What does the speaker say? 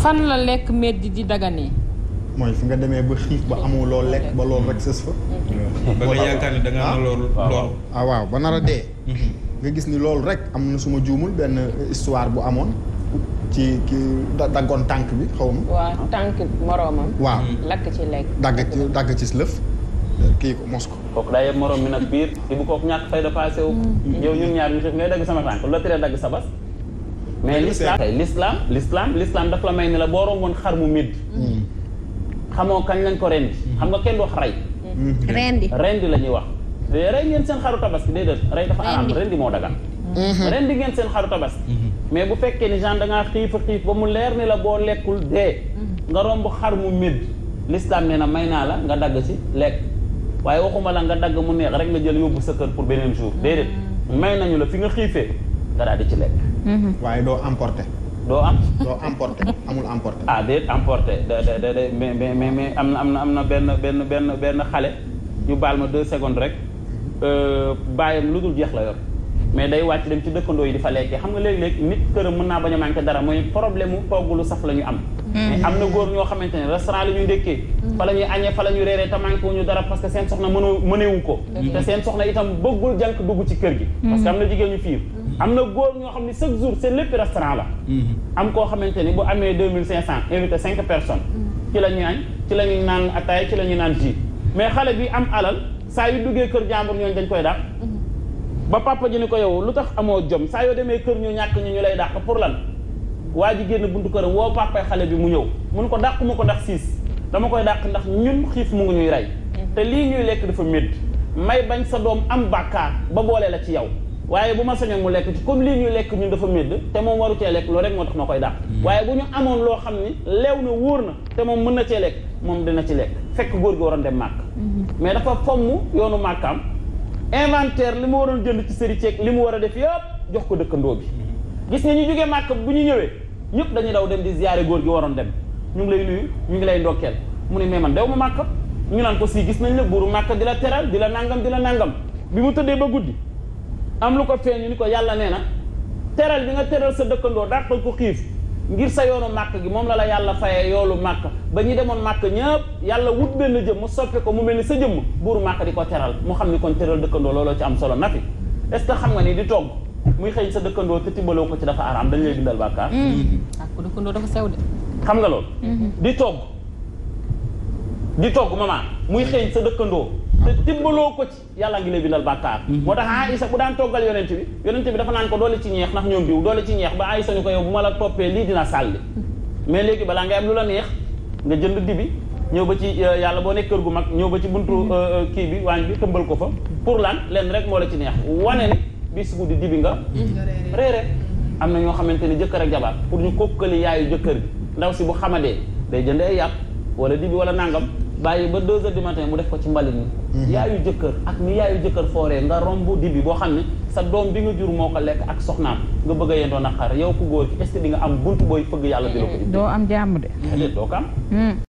fan la lek meddi di dagani. moy fi nga deme ba xif ba amu lo lek ba lo rek sës fa ba nga yakane da nga am ah. Ah. loolu ah waaw ba nara de mhm. nga gis ni loolu rek amna suma juumul ben histoire bu amone ci ki dagon tank bi xaw ma waaw tànk moroomam waaw mhm. lakk ci lek dag ci dag ci lëf ki ko mosko kok da daa morom mi nak bir ci bu ko ñak fay da passé wu mhm. yow ñun ñaar ñu xef ngay dag sama tank. lo tire dag sa bas mais l'islam tey l'islam l'islam l'islam daf la may ne la boo romboon xar mu mid xamoo kañ lañ ko rendi xam nga kenn du wax rey mm-hmm. rendi rendi la ñuy wax rey ngeen seen xaru tabaski déedéet rey dafa araam rendi moo dagan mm-hmm. rendi ngeen seen xaru tabaski mm-hmm. mais bu fekkee ni genre da ngaa xiif xiif ba mu leer ni la boo lekkul dee nga romb xar mu mid l'islam nee na may naa la nga dagg si lekk waaye waxuma la nga dagg mu neex rek nga jël yóbbu sa kër pour beneen jour déedéet may nañu la fi nga xiifee nga daal di ci lekk. Mm-hmm. waaye doo emporter. doo am doo emporter amul emporter. ah déet emporter da da da mais mais mais am na am na am na benn benn benn benn xale ñu baal ma deux secondes rek mm-hmm. euh, bàyyam lu dul jeex la yor mais day wàcc dem ci dëkkandoo yi di fa lekkee xam nga léeg-léeg nit këram mën naa bañ a manqué dara mooy problème mu togg lu saf la ñu am. Mm-hmm. mais am na góor ñoo xamante ne restaurant la ñuy ndékkee fa la ñuy añee fa la ñuy reeree te manqué wuñu dara parce que seen soxna mënoo mënewu ko te seen soxna itam bëggul jànk dugg ci kër gi parce que am na jigéen ñu fiir am na góor ñoo xam ne chaque jour seen lépp restaurant la. Mm-hmm. am koo xamante ni bu amee deux mille cinq cent invité cinq personnes. Mm-hmm. ci la ñuy añ ci la ñuy naan ataaya ci la ñuy naan ji mais xale bi am alal saa yu duggee kër jàmbur ñooñ dañ koy dàq. Mm-hmm. ba papa ji ni ko yow lu tax amoo jom saa yoo demee kër ñu ñàkk ñu ñu lay dàq pour lan. waa ji génn buntu ko këram woo papa xale bi mu ñëw mun ko dàq ko ndax siis dama koy dàq ndax ñun xiif mu ngi ñuy rey. te lii ñuy lekk dafa métti may bañ sa doom am bàkkaar ba boole la ci yow. waaye bu ma sañoon mu lekk ci comme lii ñuy lekk ñun dafa médd te moom waru cee lekk loolu rek moo tax ma koy dàq hmm. waaye bu ñu amoon loo xam ni leew na wóor na te moom mën na cee lekk moom dina ci lekk fekk góor gi waroon dem màkk hmm. mais dafa fomm yoonu màkkaam inventaire li mu waroon jënd ci sëri ceeg li mu war a def yëpp jox ko dëkkandoo bi hmm. gis nga ñu jógee màkk bu ñu ñëwee ñëpp dañuy daw dem di ziyaare góor gi waroon dem ñu ngi lay ñu ngi lay ndokkeel mu ne mais man dew ma màkk ñu naan ko si gis nañ la buuru màkk di di la nangam di la bi mu tëddee ba guddi am lu ko feeñu ni ko yàlla nee na teral bi nga teral sa dëkkandoo dàqal ko xiif ngir sa yoonu màkk gi moom la la yàlla fayee lu màkk ba ñu demoon màkk ñëpp yàlla wut benn jëm jëmm soppee ko mu mel ni sa jëmm buuru màkk di ko teral mu xam ni kon teral dëkkandoo looloo ci am solo na fi est que xam nga nii di togg muy xëy sa dëkkandoo te timbaloo ko ci dafa araam dañ lay bindal bàkkaar. Mm-hmm. ah ko dëkkandoo dafa sew de. xam nga lool mm-hmm. di togg. di togg mama muy xey sa dëkkandoo ah. te ya ko ci yalla ngi lay bindal bakkar motax mhm. tax aïssa bu dan togal yonent bi yonent bi dafa nan ko doole ci ñeex nak ñom diw doole ci ñeex ba aisha ñuko yow bu la dina sàlli mhm. mais legui bala ngay am lula neex nga jënd dibi ñew ba ci euh, yalla bo nek keur gu mak ñew ba ci buntu mhm. euh, euh, ki bi wañ bi tembal ko fa pour lan len rek mo la ci neex wane ni bis di dibi nga réere amna ño xamanteni xamante ak jabar pour ñu kokkeli yaayu ndaw si bu xamade day jënd ay yapp wala dibi wala nangam bàyyi ba deux heures du mu def ko ci mbalit mi mhm. yaayu jëkkër ak ni yaayu jëkkër fooree nga romb dibi boo xam ne sa doom bi nga jur moo ko lekk ak soxnaam nga bëgg a yendoo naqar yow ku góor ki est-ce nga am bunt booy fëgg yàlla di la ko doo am jàmm de doo ko am hmm.